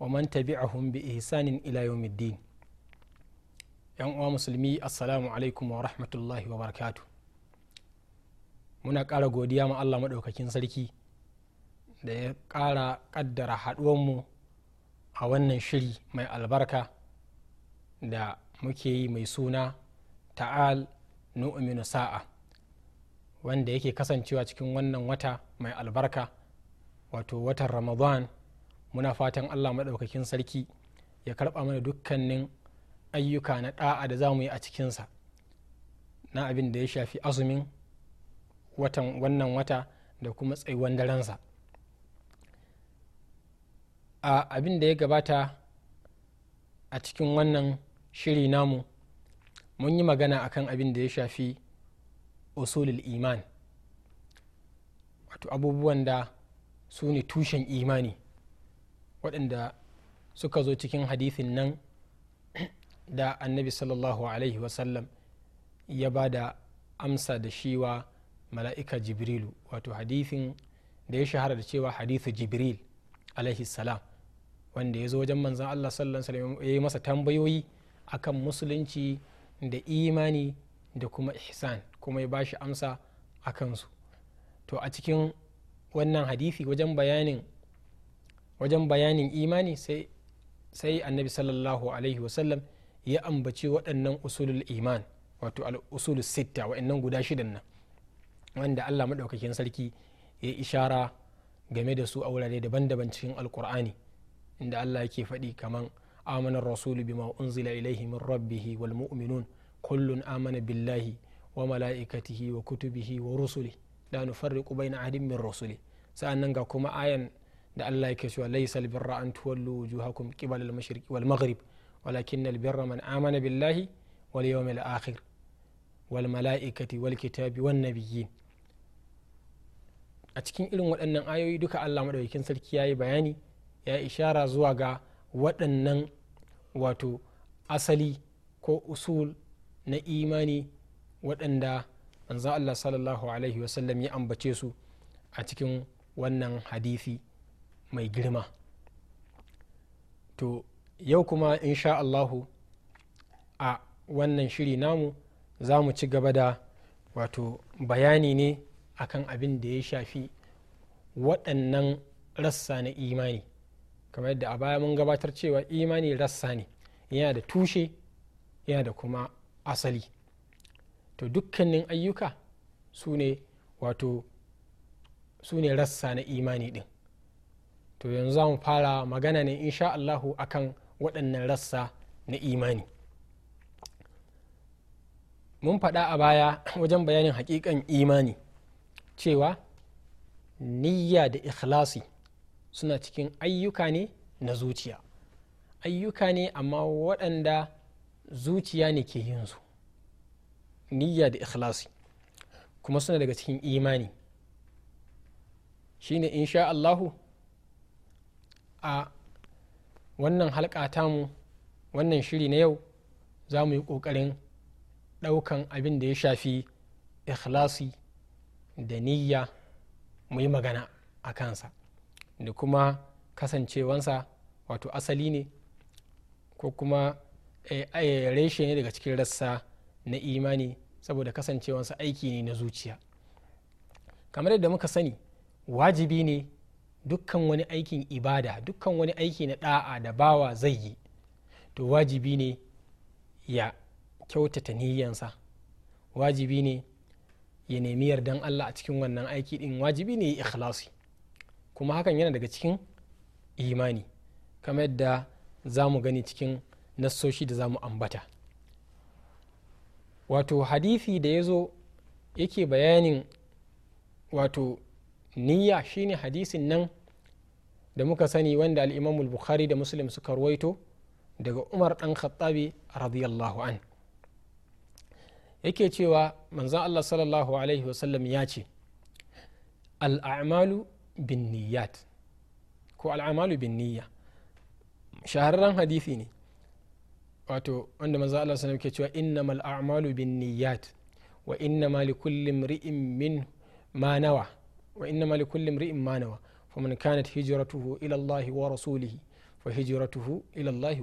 wa man tabi'ahum bi ihsanin ila yawmiddin yan uwa musulmi assalamu alaikum wa rahmatullahi wa barakatu muna ƙara godiya ma Allah maɗaukakin sarki da ya ƙara ƙaddara haɗuwanmu a wannan shiri mai albarka da muke yi mai suna ta'al nu'minu sa'a wanda yake kasancewa cikin wannan wata mai albarka wato watan ramadan muna fatan allah maɗaukakin sarki ya karɓa mana dukkanin ayyuka na ɗa'a da za mu yi a cikinsa na abin da ya shafi azumin watan wannan wata da kuma tsaiwan daransa a abin da ya gabata a cikin wannan shiri namu mun yi magana akan abin da ya shafi usulul iman wato abubuwan da su ne tushen imani waɗanda suka zo cikin hadithin nan da annabi sallallahu alaihi wasallam ya ba da amsa da shiwa mala'ika jibrilu wato hadithin da ya shahara da cewa hadithu jibril alaihi salam wanda ya zo wajen manzan allah sallallahu ya yi masa tambayoyi akan musulunci da imani da kuma ihsan kuma ya ba shi amsa a kansu to a cikin wannan hadithi wajen bayanin wajen bayanin imani sai annabi sallallahu alaihi wasallam ya ambaci waɗannan usulul iman wato usulul sitta waɗannan guda shidan nan wanda allah maɗaukakin sarki ya ishara game da su a wurare daban-daban cikin alkur'ani inda allah yake faɗi kaman amanar rasulu bima unzila ilaihi min rabbihi wal mu'minun kullun amana billahi wa mala'ikatihi wa kutubihi wa rusuli la nufarriqu baina ahadin min rusuli sa'annan ga kuma ayan da Allah yake cewa laysa albirra an tuwallu wujuhakum qibala al-mashriq wal maghrib walakin albirra man amana billahi wal yawmil akhir wal mala'ikati wal kitabi wan nabiyyin a cikin irin waɗannan ayoyi duka Allah madaukakin sarki yayi bayani ya ishara zuwa ga waɗannan wato asali ko usul na imani waɗanda manzo Allah sallallahu alaihi wasallam ya ambace su a cikin wannan hadisi mai girma to yau kuma insha allahu a wannan shiri namu za mu ci gaba da wato bayani ne akan abin da ya shafi waɗannan rassa na imani kamar yadda a baya mun gabatar cewa imani rassa ne yana da tushe yana da kuma asali to dukkanin ayyuka su ne wato su ne rassa na imani ɗin to yanzu za mu fara magana ne insha allahu akan waɗannan rassa na imani mun faɗa a baya wajen bayanin haƙiƙan imani cewa niyya da ikhlasi suna cikin ayyuka ne na zuciya ayyuka ne amma waɗanda zuciya ne ke yin su niyya da ikhlasi kuma suna daga cikin imani shine insha Allahu a wannan halka tamu wannan shiri na yau za mu yi ƙoƙarin ɗaukan abin da ya shafi ikhlasi da niyya mu yi magana a kansa da kuma kasancewansa wato asali ne ko kuma eh, eh, reshe ne daga cikin rassa na imani saboda kasancewansa aiki ne na zuciya kamar yadda muka sani wajibi ne dukkan wani aikin ibada dukkan wani aiki na da'a da bawa zai yi to wajibi ne ya kyautata niyyansa wajibi ne ya nemi yardan Allah a cikin wannan aiki din wajibi ne ya ikhlasi kuma hakan yana daga cikin imani kamar yadda za mu gani cikin nassoshi da za mu ambata wato hadithi da ya zo yake bayanin wato niyya shine hadisin nan da muka sani wanda al'imamu bukhari da muslim suka ruwaito daga umar dan khattabi radiyallahu an yake cewa manzan allah sallallahu alaihi wasallam ya ce al'amalu bin niyyat ko al'amalu bin niyya shahararren hadisi ne wato wanda manzan allah sallallahu ke cewa innamal a'malu bin niyyat wa innama likulli imri'in min ma nawa wa innama likulli imri'in ma nawa faman kanat hijratuhu ila Allah wa rasulih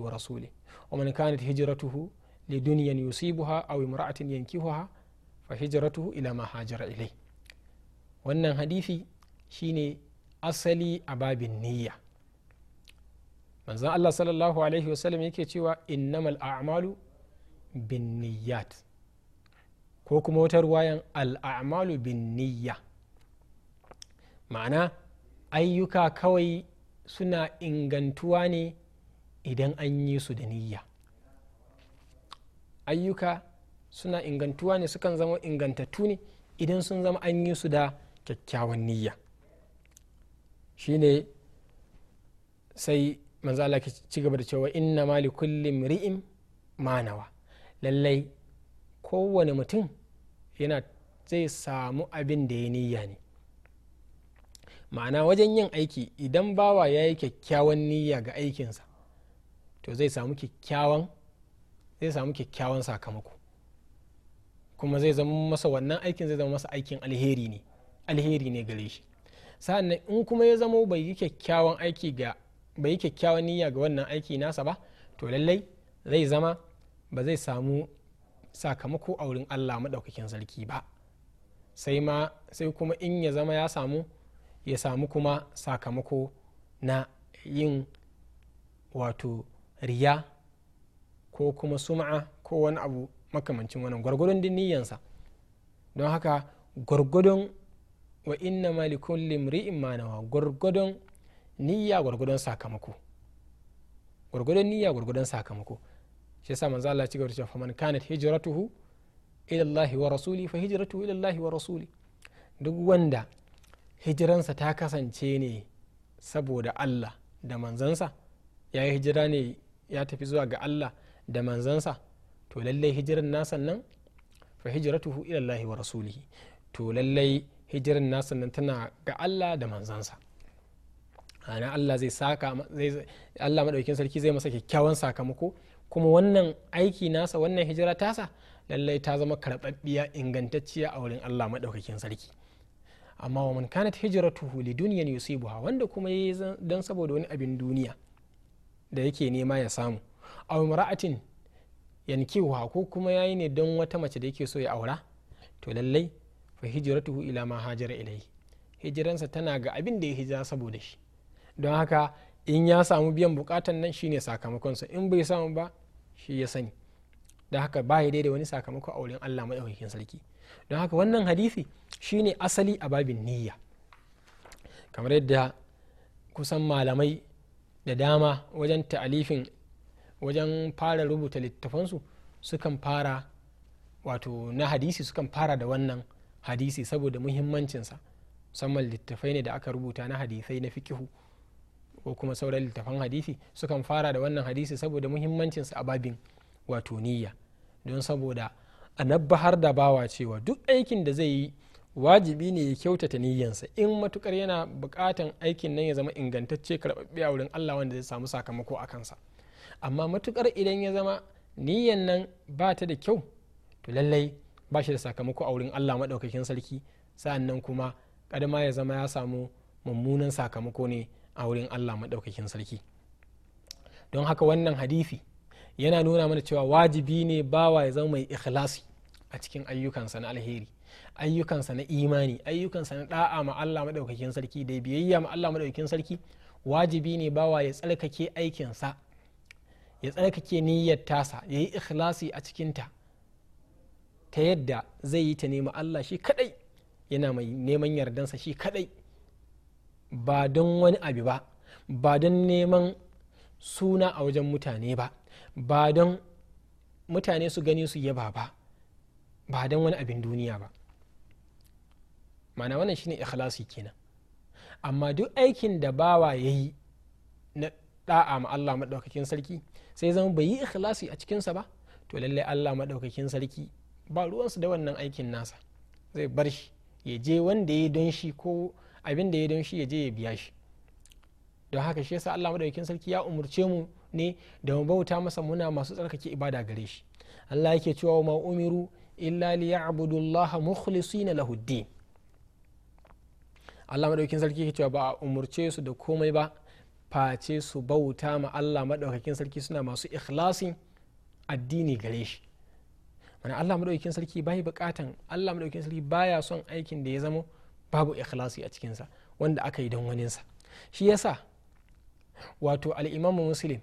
wa rasulih wa man kanat hijratuhu lidunyan yusibuha aw imra'atin yankihuha fa hijratuhu ila ma ilai wannan hadisi shine asali a babin niyya manzon Allah sallallahu alaihi wasallam yake cewa innamal a'malu bin ko kuma wata ruwayan al'amalu bin niyya ma'ana ayyuka kawai suna ingantuwa ne idan an yi su da niyya ayyuka suna ingantuwa ne sukan zama ingantattu ne idan sun zama an yi su da kyakkyawan niyya shine sai manzala Allah ci gaba da cewa inna mali kullum ri'im manawa lallai kowane mutum yana zai samu abin da ya niyya ne ma'ana wajen yin aiki idan bawa ya yi kyakkyawan niyya ga aikinsa to zai samu kyakkyawan zai samu kyakkyawan sakamako kuma zai zama masa wannan aikin zai zama masa aikin alheri ne alheri ne gare shi sa'annan in kuma ya zama bai yi kyakkyawan aiki ga bai yi kyakkyawan niyya ga wannan aiki nasa ba to lallai zai zama ba zai samu sakamako a wurin allah maɗaukakin sarki ba sai ma sai kuma in ya zama ya samu ya samu kuma sakamako na yin wato riya ko kuma suma'a ko wani abu makamancin wannan gwargwadon din niyyansa don haka gwargwadon wa inna malikun limri'in manawa gwargwadon niyya gwargwadon sakamako gwargwadon niyya gwargwadon sakamako shi sa manzo Allah ya ci gaba da cewa man kanat hijratuhu ila Allah wa rasuli fa hijratuhu ila Allah wa rasuli duk wanda hijiransa ta kasance ne saboda allah da manzansa ya yi hijira ne ya tafi zuwa ga allah da manzansa to lallai hijiran nasan nan fa hijratuhu ila allahi wa rasulihi to lallai hijiran nasan nan tana ga allah da manzansa ana allah zai saka allah madaukin sarki zai masa kyakkyawan sakamako kuma wannan aiki nasa wannan hijira tasa lallai ta zama karɓaɓɓiya ingantacciya a wurin allah maɗaukakin sarki amma wa man kanat hijratuhu dunyan yusibuha wanda kuma yayi dan saboda wani abin duniya da yake nema ya samu aw imra'atin yankihuha ko kuma yayi ne dan wata mace da yake so ya aura to lallai fa hijratuhu ila ma hajara ilayhi hijiransa tana ga abin da ya hijira saboda shi don haka in ya samu biyan bukatan nan shine sa in bai samu ba shi ya sani da haka ba ya daidai wani sakamako a wurin allah madaukakin sarki don haka wannan hadisi shine asali a babin niyya kamar yadda kusan malamai da dama wajen ta'alifin wajen fara rubuta littafansu sukan fara wato na hadisi sukan fara da wannan hadisi saboda muhimmancinsa musamman littafai ne da aka rubuta na hadisai na fikihu ko kuma sauran littafan hadisi sukan fara da wannan hadisi saboda muhimmancinsa a babin wato niyya don saboda a nabbahar da bawa cewa duk aikin da zai yi wajibi ne ya kyautata niyyansa in matukar yana bukatan aikin nan ya zama ingantacce karɓaɓɓe a wurin allah wanda zai samu sakamako a kansa amma matukar idan ya zama niyyan nan ba ta da kyau to lallai ba shi da sakamako a wurin allah maɗaukakin sarki sa'an kuma kadama ya zama ya samu mummunan sakamako ne a wurin allah maɗaukakin sarki don haka wannan hadifi yana nuna mana cewa wajibi ne bawa ya zama mai ikhlasi a cikin ayyukansa na alheri ayyukansa na imani ayyukansa na da'a ma Allah madaukakin sarki da biyayya ma Allah madaukakin sarki wajibi ne bawa ya tsarkake aikinsa ya tsarkake niyyar tasa ya yi ikhlasi a cikinta ta yadda zai yi ta nema Allah shi kadai yana mai neman yardan sa shi kadai ba don wani abu ba ba don neman suna a wajen mutane ba ba don mutane su gani su yaba ba ba don wani abin duniya ba mana wannan shine ikhlasi kenan amma duk aikin da bawa ya yi na da'a ma Allah maɗaukakin sarki sai zama bai yi ikhlasi a cikinsa ba to lallai Allah maɗaukakin sarki ba ruwansu da wannan aikin nasa zai bar shi ya je wanda ya don shi ko abin da ya don shi ya je ya biya shi don haka shi yasa Allah maɗaukakin sarki ya umurce mu ne da mu bauta masa muna masu tsarkake ibada gare shi Allah yake cewa ma umiru illa ya'budu Allah mukhlisin lahu din Allah madaukakin sarki yake cewa ba a umurce su da komai ba face su bauta ma Allah madaukakin sarki suna masu ikhlasin addini gare shi mana Allah madaukakin sarki bai bukatan Allah madaukakin sarki baya son aikin da ya zama babu ikhlasi a cikinsa wanda aka yi don waninsa shi yasa wato al'imamu muslim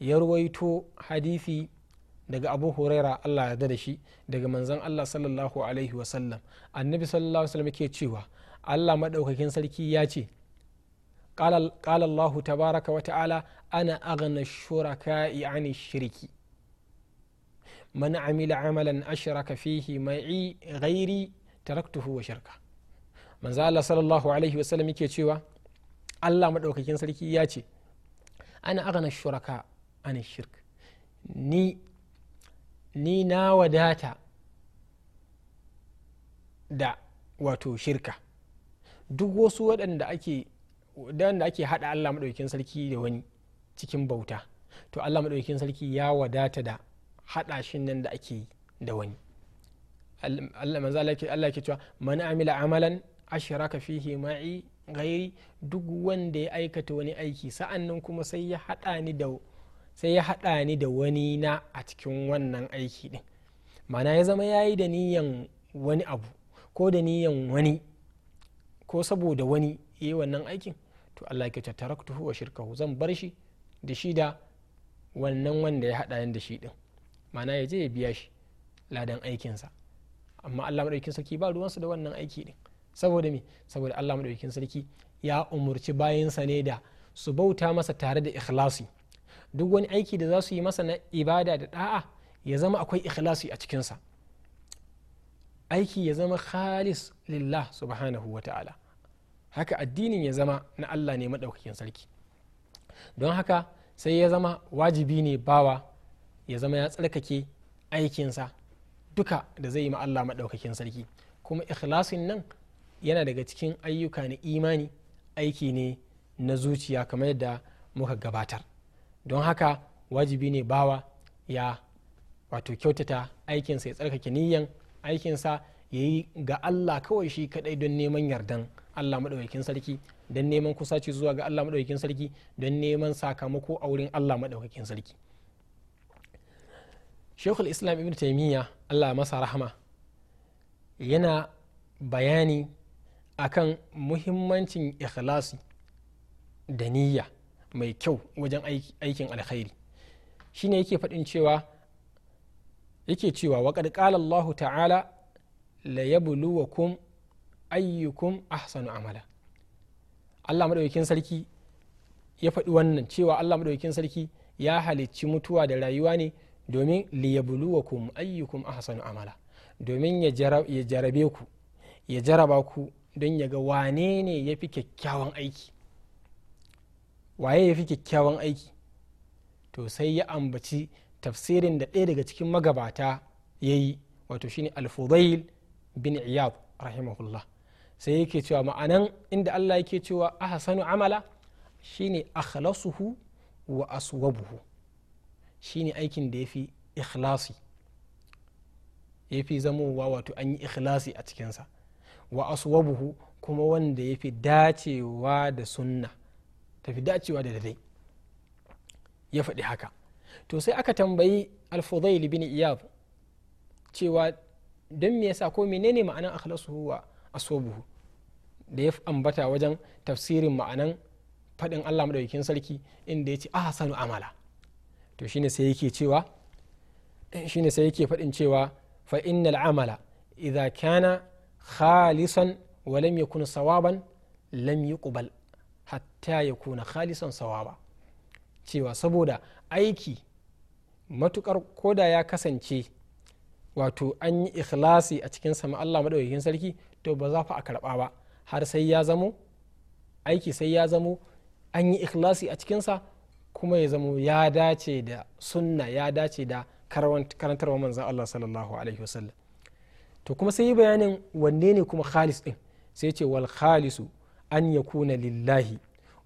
ya ruwaito hadisi daga abu huraira allah yarda da shi daga manzan allah sallallahu alaihi wasallam annabi sallallahu alaihi wasallam ke cewa allah maɗaukakin sarki ya ce tabaraka الله تبارك ana أنا أغنى الشركاء ani الشرك من عمل عملا أشرك فيه معي غيري تركته وشركه من الله صلى الله عليه وسلم ke cewa Allah maɗaukakin sarki ya ce ana agana shuraka an shirk ni ni na wadata da wato shirka duk wasu waɗanda ake waɗanda ake haɗa Allah maɗaukakin sarki da wani cikin bauta to Allah maɗaukakin sarki ya wadata da haɗa shin nan da ake da wani Allah manzo Allah yake cewa man amila amalan ashraka fihi ma'i ghairi duk wanda ya aikata wani aiki sa'annan kuma sai ya haɗa ni da sai ya haɗa ni da wani na a cikin wannan aiki ɗin mana ya zama ya yi da niyan wani abu ko da niyan wani ko saboda wani ya yi wannan aikin to allah ke taraktuhu wa shirkahu zan bar shi da shi da wannan wanda ya haɗa ni da shi ɗin mana ya je ya biya shi ladan aikinsa amma allah maɗaukin sarki ba ruwansu da wannan aiki ɗin saboda me saboda allah maɗaukin sarki ya umurci bayansa ne da su bauta masa tare da ikhlasi duk wani aiki da za su yi masa na ibada da da'a ya zama akwai ikhlasi a cikinsa aiki ya zama khalis lillah subhanahu wa ta'ala haka addinin ya zama na allah ne maɗaukakin sarki don haka sai ya zama wajibi ne bawa ya zama ya tsarkake aikinsa duka da zai yi ma allah maɗaukakin sarki kuma ikhlasin nan yana daga cikin ayyuka na imani aiki ne na zuciya kamar yadda muka gabatar don haka wajibi ne bawa ya wato kyautata aikinsa ya tsarkake niyyan aikinsa ya yi ga allah kawai shi kadai don neman yardan allah maɗaukakin sarki don neman kusaci zuwa ga allah maɗaukakin sarki don neman sakamako a wurin allah maɗaukakin sarki shekul islam ibn taimiyya allah masa rahama yana bayani akan muhimmancin ikhlasi da niyya mai kyau wajen aikin alkhairi shine yake faɗin cewa yake cewa wa ƙarƙalar ta'ala la ayyukum ahsanu amala Allah maɗaukin sarki ya faɗi wannan cewa Allah maɗaukin sarki ya halicci mutuwa da rayuwa ne domin liyabluwakum ayyukum ahsanu amala domin ya jarabe ku ya jaraba ku don ya ga wane ne ya fi kyakkyawan aiki waye ya fi kyakkyawan aiki to sai ya ambaci tafsirin da ɗaya daga cikin magabata ya yi wato shine al bin iyab rahimahullah sai yake cewa ma'anan inda Allah yake cewa ahsanu amala shine akhlasuhu wa aswabuhu shine aikin da yafi ikhlasi yafi zamowa wato an yi ikhlasi a cikinsa wa aswabuhu kuma wanda yafi dacewa da sunna tafi dacewa da daidai ya faɗi haka to sai aka tambayi alfudail bin iyab cewa don me yasa ko menene ma'anan akhlasu wa asobuhu da ya ambata wajen tafsirin ma'anan faɗin Allah madaukakin sarki inda ya ce ahsanu amala to shine sai yake cewa shine sai yake faɗin cewa fa innal amala idza kana khalisan wa lam yakun sawaban lam yuqbal hatta ya kuna khalisan sawaba cewa saboda aiki matukar koda ya kasance wato an yi ikhlasi a cikin sama Allah maɗaukakin sarki to ba za fa a karɓa ba har sai ya zamo aiki sai ya zamo an yi ikhlasi a cikinsa kuma ya zamo ya dace da sunna ya dace da karantarwa manzan Allah sallallahu alaihi wasallam to kuma sai yi bayanin wanne ne kuma khalis din sai ce wal khalisu an ya kuna lillahi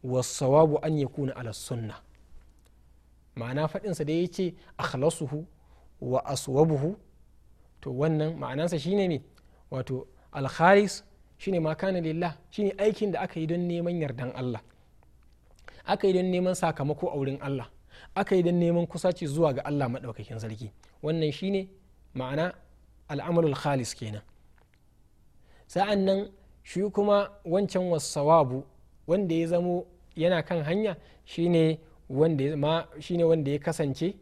wasawabu an ya kuna ala sunna ma'ana faɗinsa da ya ce akhlasuhu wa aswabuhu to wannan ma'anansa shine ne wato alkhalis shine ma kana lillah shine aikin da aka yi don neman yardan Allah aka yi don neman sakamako a wurin Allah aka yi don neman kusaci zuwa ga Allah maɗaukakin sarki wannan shine ma'ana al'amalul khalis kenan sa'an nan shi kuma wancan wasawabu wanda ya zamo yana kan hanya shine wanda ya kasance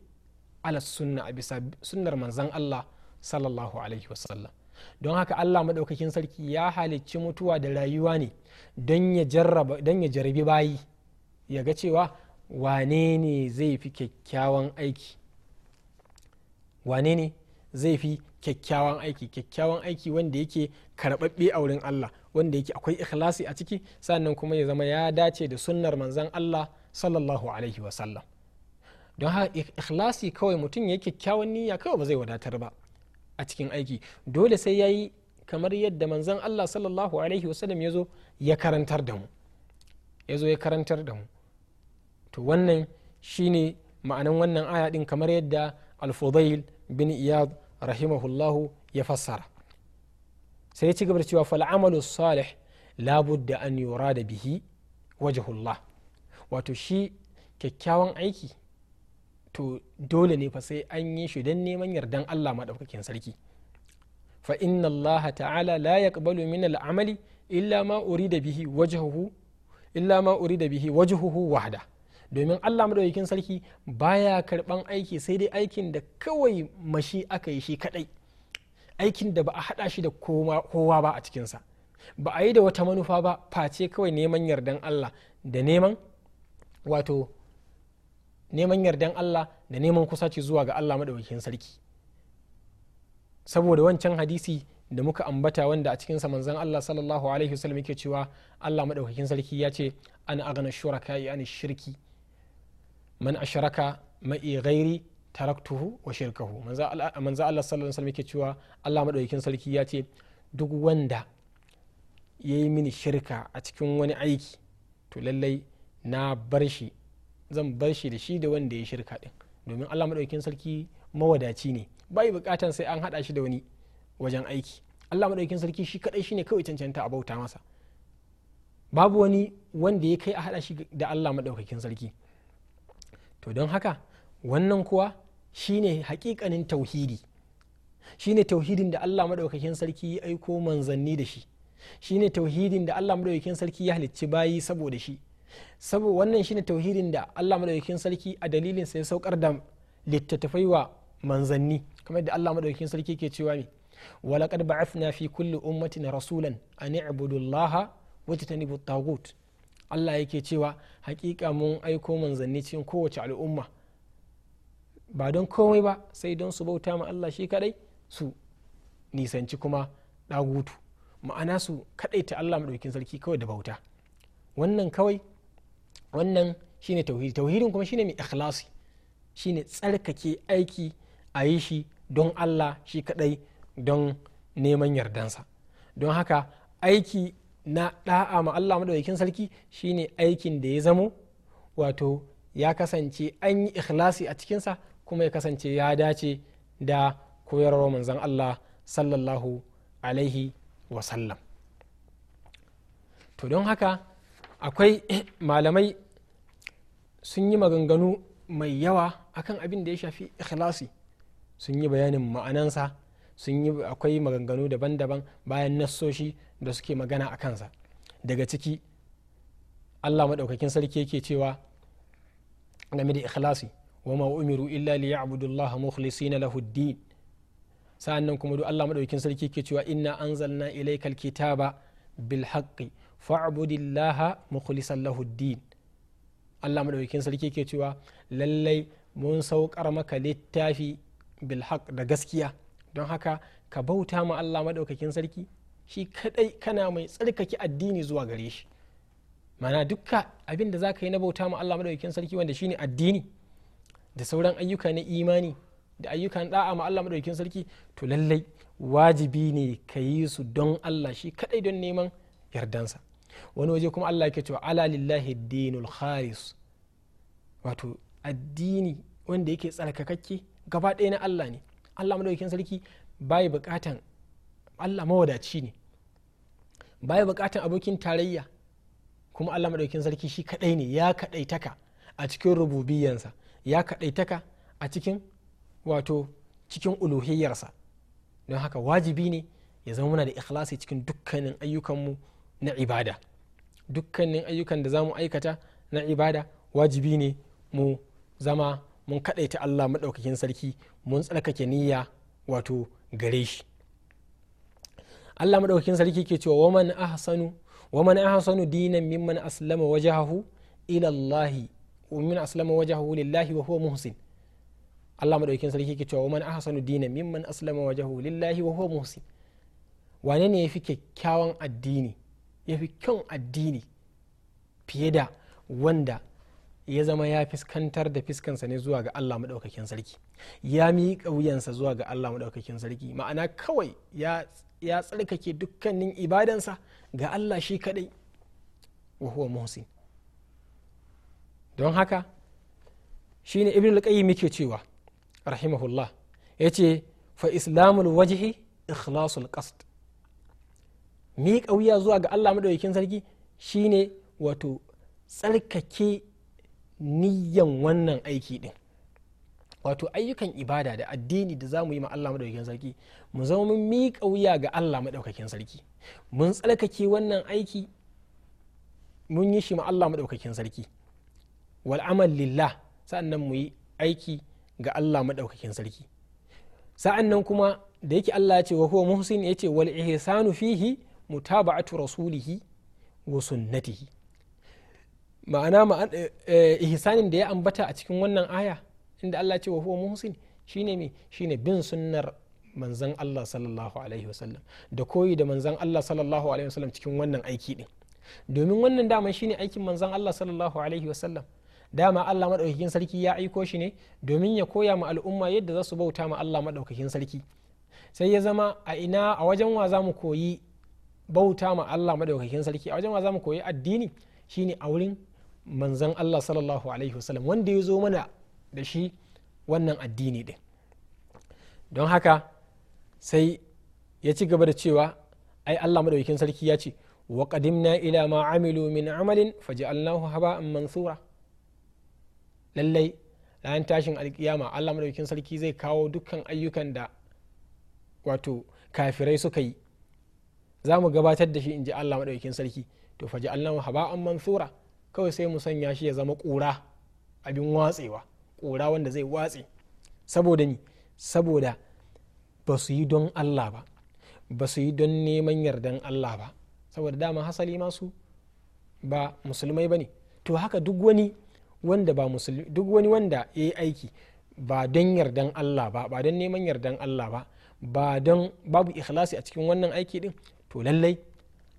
ala sunna a bisa sunnar manzan Allah sallallahu alaihi wasallam don haka Allah maɗaukakin sarki ya halicci mutuwa da rayuwa ne don ya jarabi bayi ya ga cewa wane ne zai fi kyakkyawan aiki wane ne zai fi kyakkyawan aiki kyakkyawan aiki wanda yake karɓaɓɓe a wurin Allah wanda yake akwai ikhlasi a ciki sannan kuma ya zama ya dace da sunnar manzan Allah sallallahu alaihi wa sallam don haka ikhlasi kawai mutum ya kyakkyawan niyya kawai ba zai wadatar ba a cikin aiki dole sai yayi kamar yadda manzan Allah sallallahu alaihi wa sallam ya ya karantar da mu yazo ya karantar da mu to wannan shine ma'anan wannan aya din kamar yadda al-fudail bin iyad rahimahullahu ya fassara sai ya ci gaba da cewa fal amalu labudda an da bihi wajhullah wato shi kyakkyawan aiki to dole ne fa sai an yi shi dan neman yardan Allah maɗaukakin sarki fa inna Allah ta'ala la yaqbalu min al'amali illa ma urida bihi wajhuhu illa ma urida bihi wajhuhu wahda domin allah madaukakin sarki baya karban aiki sai dai aikin da kawai mashi aka yi shi kadai aikin da ba a hada shi da kowa ba a cikinsa ba a yi da wata manufa ba face kawai neman yardan allah da neman wato neman yardan allah da neman kusaci zuwa ga allah madaukakin sarki saboda wancan hadisi da muka ambata wanda a cikinsa manzon Allah sallallahu alaihi wasallam yake cewa Allah madaukakin sarki ya ce an agana shuraka an shirki man ashraka ma'i ghairi taraktuhu wa shirkahu manzo Allah sallallahu alaihi wasallam ke cewa Allah madaukakin sarki ya ce duk wanda yayi mini shirka a cikin wani aiki to lallai na bar shi zan bar shi da shi da wanda ya shirka din domin Allah madaukakin sarki mawadaci ne bai bukatan sai an hada shi da wani wajen aiki Allah madaukakin sarki shi kadai shine kawai cancanta a bauta masa babu wani wanda ya kai a hada shi da Allah madaukakin sarki to don haka wannan kuwa shine hakikanin tauhidi shine tauhidin da Allah madaukakin sarki ya aiko manzanni da shi shine tauhidin da Allah madaukakin sarki ya halicci bayi saboda shi saboda wannan shine tauhidin da Allah madaukakin sarki a dalilin sai ya saukar da littattafai wa manzanni kamar da Allah madaukakin sarki ke cewa me ولقد بعثنا في كل أمة رسولا أن اعبدوا ta واجتنبوا الطاغوت allah yake cewa hakika mun aiko manzanni cikin kowace al'umma ba don komai ba sai don su bauta ma allah shi kadai su nisanci kuma ɗagutu ma'ana su kadai ta allah maɗaukin sarki kawai da bauta wannan kawai wannan shine tauhidi tauhidin kuma shine mai ikhlasi shine tsarkake aiki a yi shi don allah shi kadai don neman yardansa don haka aiki na da'a ma Allah madaukakin sarki shine aikin da ya zamo wato ya kasance an yi ikhlasi a cikinsa kuma ya kasance ya dace da koyarwa manzon Allah sallallahu alaihi wasallam to don haka akwai malamai sun yi maganganu mai yawa akan abin da ya shafi ikhlasi sun yi bayanin ma'anansa sun yi akwai maganganu daban-daban bayan nassoshi da suke magana a kansa daga ciki allah maɗaukakin sarki yake cewa game da ikhlasi wa ma umiru illa li ya'budullaha mukhlisina lahu din sa'annan kuma duk allah maɗaukakin sarki yake cewa inna anzalna ilaykal kitaba bil haqqi fa'budillaha mukhlisan lahu din allah maɗaukakin sarki yake cewa lallai mun saukar maka littafi bil da gaskiya don haka ka bauta ma allah maɗaukakin sarki shi kadai kana mai tsarkake addini zuwa gare shi mana dukka abin da za ka yi na bauta ma Allah madaukakin sarki wanda shine addini da sauran ayyuka na imani da ayyukan da'a ma Allah madaukakin sarki to lallai wajibi ne ka yi su don Allah shi kadai don neman yardansa wani waje kuma Allah ke cewa ala lillahi dinul khalis wato addini wanda yake tsarkakakke gaba ɗaya na Allah ne Allah madaukakin sarki bai bukatan allah mawadaci ne baya bukatan abokin tarayya kuma allah maɗaukin sarki shi kaɗai ne ya kaɗaitaka a cikin rububiyansa ya kaɗaitaka a cikin wato cikin uluhiyarsa don haka wajibi ne ya zama muna da ikhlasi cikin dukkanin ayyukanmu na ibada dukkanin ayyukan da za mu aikata na ibada wajibi ne mu zama mun kaɗaita allah maɗaukakin sarki mun tsarkake niyya wato gare shi Allah madaukakin sarki ke cewa waman ahsanu waman ahsanu dinan mimman aslama wajahahu ila Allah min aslama wajahahu lillahi wa huwa muhsin Allah madaukakin sarki ke cewa waman ahsanu dinan mimman aslama wajahahu lillahi wa huwa muhsin wane ne yafi kyakkyawan addini yafi kyan addini fiye da wanda ya zama ya fiskantar da fiskansa ne zuwa ga Allah maɗaukakin sarki ya miƙa wuyansa zuwa ga Allah maɗaukakin sarki ma'ana kawai ya tsarkake dukkanin ibadansa ga Allah shi kaɗai wa huwa don haka shi ne ibn al muke cewa rahimahullah ya ce fa islamul wajhi ikhlasul qasd miƙa wuya zuwa ga Allah maɗaukakin sarki shine wato tsarkake niyyan wannan aiki din wato ayyukan ibada da addini da za mu yi ma Allah madaukakin sarki mu zama mun miƙa wuya ga Allah madaukakin sarki mun tsarkake wannan aiki mun yi shi ma Allah madaukakin sarki wal amal lillah sa'annan mu yi aiki ga Allah madaukakin sarki sa'annan kuma da yake Allah ya ce wa huwa muhsin yace wal ihsanu fihi mutaba'atu rasulihi wa sunnatihi ma'ana eh, eh, ihsanin da ya ambata a cikin wannan aya inda Allah ce wa huwa muhsin shine me shine bin sunnar manzan Allah sallallahu alaihi wasallam da koyi da manzan Allah sallallahu alaihi wasallam cikin wannan aiki din domin wannan dama shine aikin manzan Allah sallallahu alaihi wasallam dama Allah madaukakin sarki ya aiko shi ne domin ya koya ma al'umma yadda za su bauta ma Allah madaukakin sarki sai ya zama a ina a wajen wa za mu koyi bauta ma Allah madaukakin sarki a wajen wa za mu koyi addini shine a wurin manzan Allah sallallahu alaihi wasallam wanda ya zo mana da shi wannan addini ɗin don haka sai ya ci gaba da cewa ai Allah madaukakin sarki ya ce wa qadimna ila ma amilu min amalin haba haba'an mansura lallai ranar tashin alkiyama Allah madaukakin sarki zai kawo dukkan ayyukan da wato kafirai suka yi za mu gabatar da shi in ji Allah madaukakin sarki to faji Allah haba'an mansura kawai sai mu sanya shi ya zama ƙura abin watsewa ƙura wanda zai watse saboda ni saboda ba su yi don allah ba ba su yi don neman yardan allah ba saboda dama hasali masu ba musulmai ba ne to haka duk wani wanda ba musulmi duk wani wanda ya yi aiki ba don yardan allah ba ba don neman yardan allah ba ba don babu ikhlasi a cikin wannan aiki din to lallai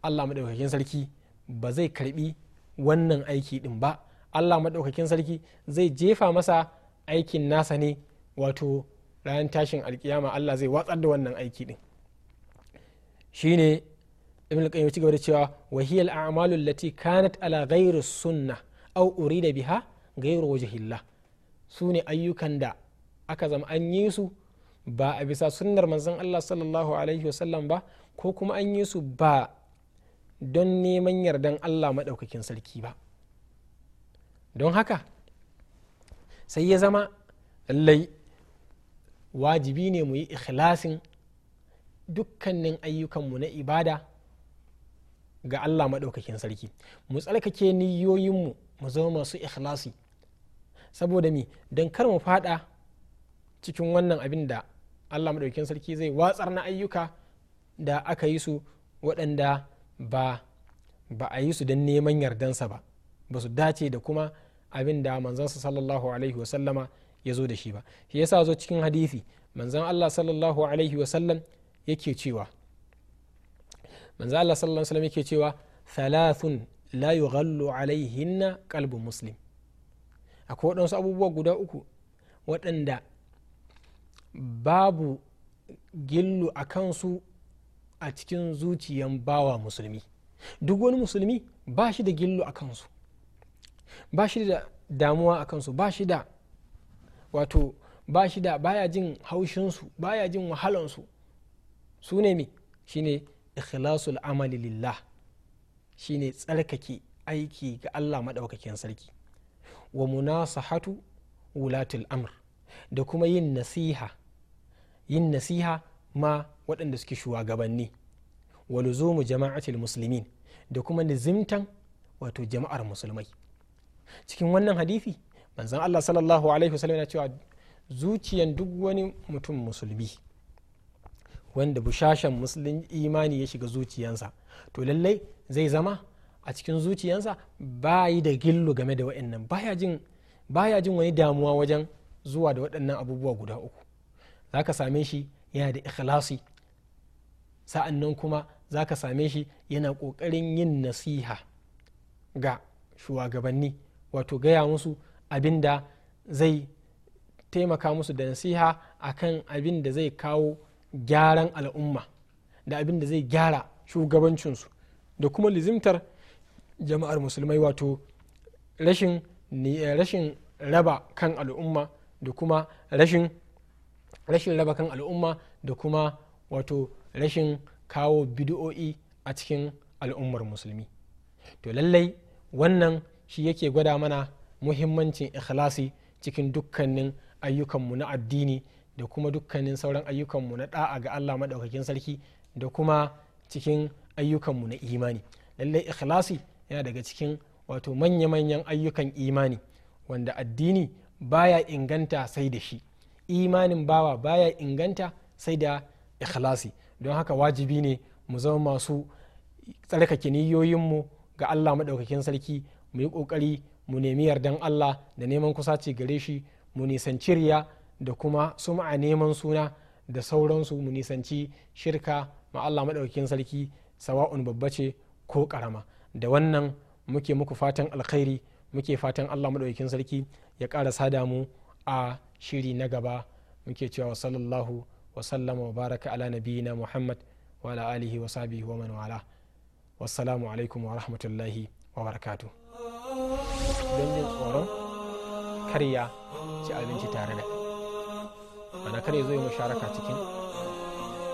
allah maɗaukakin sarki ba zai karbi wannan aiki din ba allah maɗaukakin sarki zai jefa masa aikin nasa ne wato ranar tashin alkiyama allah zai watsar da wannan aiki din shine ibn qayyim ci gaba da cewa wahiyar a'malun lati kanat ala ghairi sunna uri urida biha ghairu wajhillah su ne ayyukan da aka zama an yi su ba a bisa sunnar manzon Allah sallallahu alaihi wasallam ba ko kuma an yi su ba don neman yardan allah maɗaukakin sarki ba don haka sai ya zama lallai wajibi ne mu yi ikhlasin dukkanin ayyukanmu na ibada ga allah maɗaukakin sarki mu tsarkake niyoyinmu mu zama masu ikhlasi saboda mi don kar mu fada cikin wannan abin da allah maɗaukakin sarki zai watsar na ayyuka da aka yi su waɗanda ba ba a yi su don neman yardansa ba ba su dace da kuma abin da manzansa sallallahu alaihi wasallama ya zo da shi ba shi yasa zo cikin hadisi manzan allah sallallahu alaihi wasallam yake cewa manzan allah sallallahu alaihi wasallam yake cewa thalathun la yughallu alaihinna qalbu muslim akwai waɗansu abubuwa guda uku waɗanda babu gillu a kansu a cikin zuciyan bawa musulmi duk wani musulmi ba shi da gillo a kansu ba shi da damuwa a kansu ba shi da wato ba shi da baya jin haushinsu baya jin wahalansu su ne me ne ikhlasul amali lillah shine tsarkake aiki ga allah maɗaukakin sarki wa munasahatu wulatul amr da kuma yin nasiha yin nasiha ma waɗanda suke shugabanni wa luzumu jama'atul muslimin da kuma nizimtan wato jama'ar musulmai cikin wannan hadisi manzon Allah sallallahu alaihi wasallam yana cewa zuciyan duk wani mutum musulmi wanda bushashan muslim imani ya shiga zuciyansa to lallai zai zama a cikin zuciyansa yi da gillu game da waɗannan baya jin baya jin wani damuwa wajen zuwa da waɗannan abubuwa guda uku zaka same shi yana da ikhlasi sa'an nan kuma za ka same shi yana ƙoƙarin yin nasiha ga shugabanni wato gaya musu abin da zai taimaka musu da nasiha akan abin da zai kawo gyaran al'umma da abin da zai gyara shugabancinsu da kuma lizimtar jama'ar musulmai wato rashin eh, rashin raba kan al'umma da kuma rashin raba kan al'umma da kuma wato rashin kawo bidiyo'i a cikin al'ummar musulmi to lallai wannan shi yake gwada mana muhimmancin ikhlasi cikin dukkanin ayyukanmu na addini da kuma dukkanin sauran ayyukanmu na da'a ga allah maɗaukakin sarki da kuma cikin ayyukanmu na imani lallai ikhlasi yana daga cikin wato manya-manyan ayyukan imani wanda addini baya inganta sai da shi imanin bawa baya inganta sai da ikhlasi don haka wajibi ne mu zama masu tsarkake niyoyinmu ga allah maɗaukakin sarki mu yi ƙoƙari mu nemi yardan allah da neman kusa kusaci gare shi mu nisanci riya da kuma suma neman suna da sauransu mu nisanci shirka ma allah maɗaukakin sarki sawa'un babba ce ko ƙarama da wannan muke muku fatan alkhairi muke fatan allah maɗaukakin sarki ya ƙara sada mu a shiri na gaba muke cewa sallallahu wa baraka ala nabiyina muhammad wa ala alihi wa sahbihi wa alaikum wa rahmatullahi wa barakatu don tsoron karya ci abinci tare da mana kar ya zo yi musharaka cikin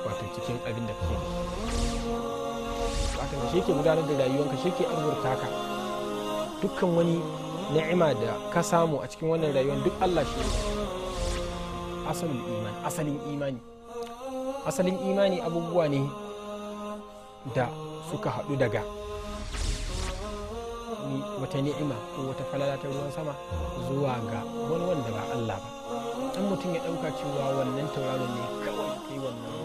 wato cikin abin da kake da shi ke gudanar da rayuwanka shi ka wani ni'ima da ka samu a cikin wannan rayuwar duk Allah asalin imani asalin imani asalin imani abubuwa ne da suka haɗu daga wata ni'ima ko wata falala ta ruwan sama zuwa ga wani wanda ba Allah ba dan mutum ya ɗauka cewa wannan tauraron ne kawai kai wannan